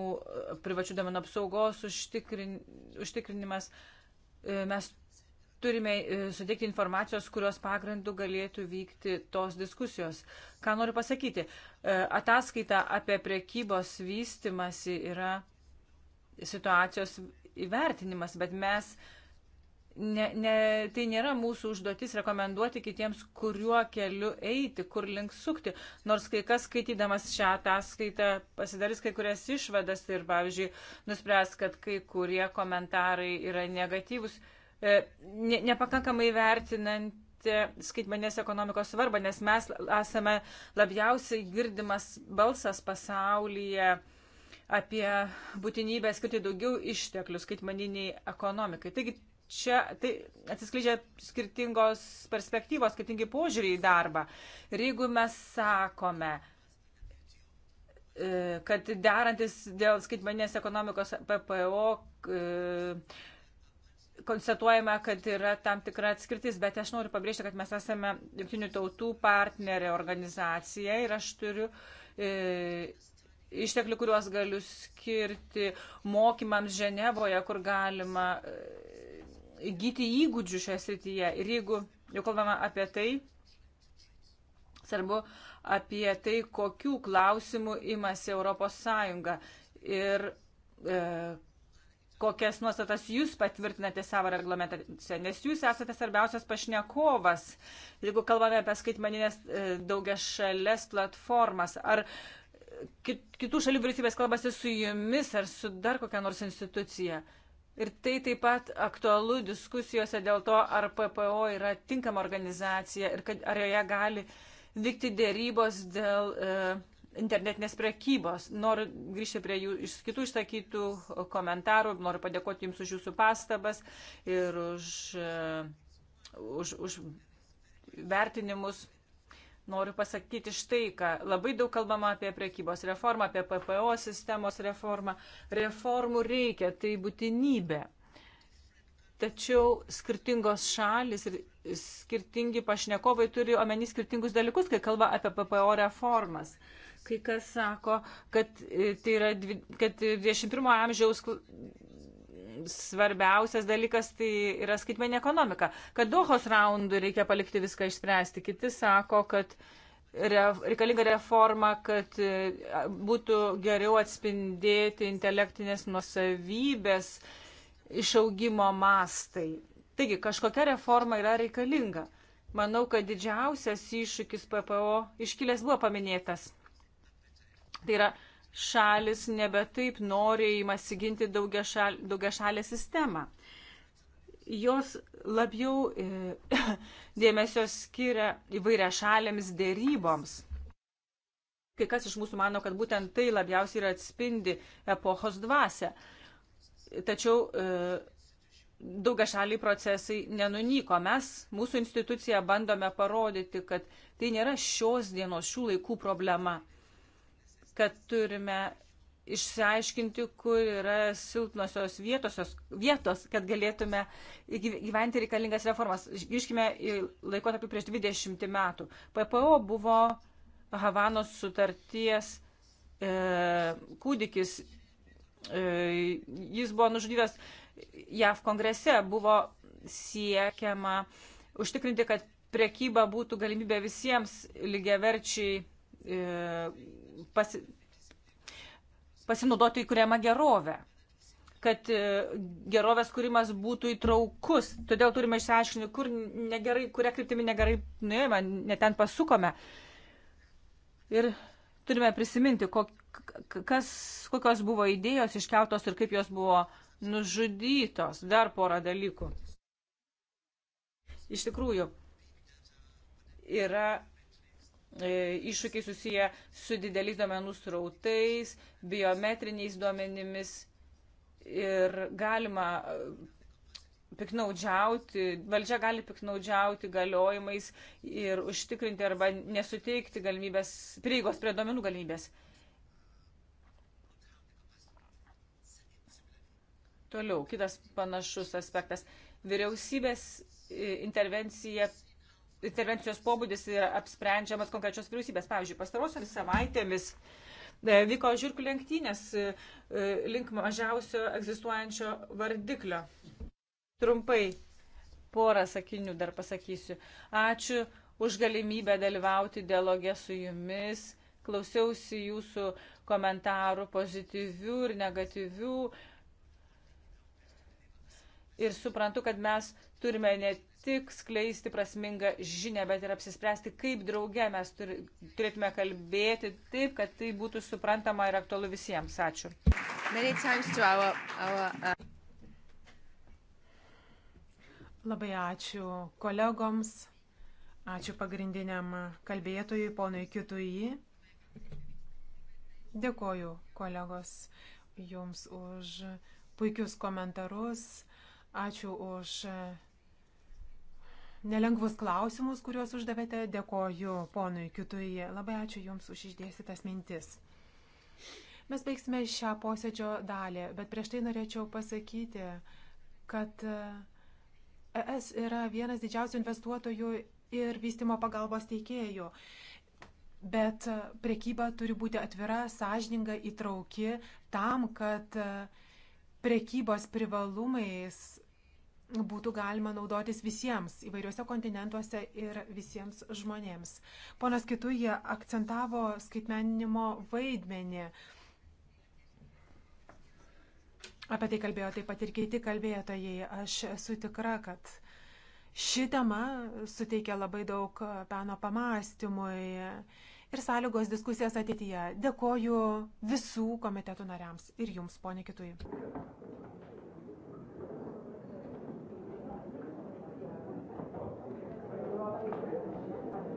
privačių duomenų apsaugos užtikrin, užtikrinimas. E, mes turime e, suteikti informacijos, kurios pagrindų galėtų vykti tos diskusijos. Ką noriu pasakyti? E, ataskaita apie prekybos vystimasi yra situacijos įvertinimas, bet mes. Ne, ne, tai nėra mūsų užduotis rekomenduoti kitiems, kuriuo keliu eiti, kur link sukti. Nors kai kas skaitydamas šią ataskaitą pasidarys kai kurias išvadas ir, pavyzdžiui, nuspręs, kad kai kurie komentarai yra negatyvus. Uh, E, ne, nepakankamai vertinant skaitmenės ekonomikos svarbą, nes mes esame labiausiai girdimas balsas pasaulyje apie būtinybę skirti daugiau išteklių skaitmaniniai ekonomikai. Taigi čia tai atsiskleidžia skirtingos perspektyvos, skirtingi požiūriai į darbą. Ir jeigu mes sakome, e, kad derantis dėl skaitmaninės ekonomikos PPO konstatuojame, kad yra tam tikra atskirtis, bet aš noriu pabrėžti, kad mes esame Junktinių tautų partnerė organizacija ir aš turiu e, išteklių, kuriuos galiu skirti mokymams Ženevoje, kur galima e, įgyti įgūdžių šioje srityje. Ir jeigu jau kalbame apie tai, svarbu apie tai, kokių klausimų imasi ES ir e, kokias nuostatas jūs patvirtinate savo reglamentose, nes jūs esate svarbiausias pašnekovas, jeigu kalbame apie skaitmaninės e, daugia šalės platformas. Ar kitų šalių vyriausybės kalbasi su jumis ar su dar kokia nors institucija? Ir tai taip pat aktualu diskusijose dėl to, ar PPO yra tinkama organizacija ir kad, ar joje gali vykti dėrybos dėl e, internetinės prekybos. Noriu grįžti prie jų iš kitų išsakytų komentarų, noriu padėkoti Jums už Jūsų pastabas ir už, už, už vertinimus. Noriu pasakyti štai, ką labai daug kalbama apie prekybos reformą, apie PPO sistemos reformą. Reformų reikia, tai būtinybė. Tačiau skirtingos šalis ir skirtingi pašnekovai turi omeny skirtingus dalykus, kai kalba apie PPO reformas. Uh, Kai kas sako, kad e, tai yra kad 21 amžiaus svarbiausias dalykas tai yra skaitmenė ekonomika. Kad Dohos raundų reikia palikti viską išspręsti. Kiti sako, kad reikalinga reforma, kad e, būtų geriau atspindėti intelektinės nusavybės išaugimo mastai. Taigi, kažkokia reforma yra reikalinga. Manau, kad didžiausias iššūkis PPO iškilęs buvo paminėtas. Tai yra, šalis nebetaip noriai imasi ginti daugia, šal, daugia šalę sistemą. Jos labiau e, dėmesio skiria įvairia šalėms dėryboms. Kai kas iš mūsų mano, kad būtent tai labiausiai ir atspindi epochos dvasę. Tačiau e, daugia šaliai procesai nenunyko. Mes, mūsų institucija, bandome parodyti, kad tai nėra šios dienos, šių laikų problema kad turime išsiaiškinti, kur yra silpnosios vietosios, vietos, kad galėtume gyventi reikalingas reformas. Grįžkime į laikotarpį prieš 20 metų. PPO buvo Havanos sutarties e, kūdikis. E, jis buvo nužudytas JAV kongrese. Buvo siekiama užtikrinti, kad prekyba būtų galimybė visiems lygiaverčiai E, pasi, pasinaudoti įkuriamą gerovę kad e, gerovės kūrimas būtų įtraukus. Todėl turime išsiaiškinti, kur negerai, kuria kryptimi negerai nuėjome, neten pasukome. Ir turime prisiminti, kok, kas, kokios buvo idėjos iškeltos ir kaip jos buvo nužudytos. Dar porą dalykų. Iš tikrųjų, yra E, iššūkiai susiję su dideliais duomenų srautais, biometriniais duomenimis ir galima e, piknaudžiauti, valdžia gali piknaudžiauti galiojimais ir užtikrinti arba nesuteikti galimybės, prieigos prie duomenų galimybės. Toliau, kitas panašus aspektas. Vyriausybės e, intervencija intervencijos pobūdis yra apsprendžiamas konkrečios vyriausybės. Pavyzdžiui, pastarosiomis savaitėmis e, vyko žirkų lenktynės e, e, link mažiausio egzistuojančio vardiklio. Trumpai porą sakinių dar pasakysiu. Ačiū už galimybę dalyvauti dialogė su jumis. Klausiausi jūsų komentarų pozityvių ir negatyvių. Ir suprantu, kad mes turime net tik skleisti prasmingą žinę, bet ir apsispręsti, kaip drauge mes turi, turėtume kalbėti taip, kad tai būtų suprantama ir aktualu visiems. Ačiū. Our, our, uh... Labai ačiū kolegoms, ačiū pagrindiniam kalbėtojui, ponui Kitui. Dėkoju, kolegos, jums už puikius komentarus. Ačiū už nelengvus klausimus, kuriuos uždavėte. Dėkoju ponui Kitui. Labai ačiū Jums už išdėstytas mintis. Mes baigsime šią posėdžio dalį, bet prieš tai norėčiau pasakyti, kad e, ES yra vienas didžiausių investuotojų ir vystimo pagalbos teikėjų. Bet e, prekyba turi būti atvira, sąžininga, įtrauki tam, kad e, prekybos privalumais būtų galima naudotis visiems įvairiuose kontinentuose ir visiems žmonėms. Ponas Kituje akcentavo skaitmeninimo vaidmenį. Apie tai kalbėjo taip pat ir kiti kalbėtojai. Aš esu tikra, kad ši tema suteikia labai daug peno pamastymui ir sąlygos diskusijas ateityje. Dėkoju visų komitetų nariams ir jums, ponė Kitui.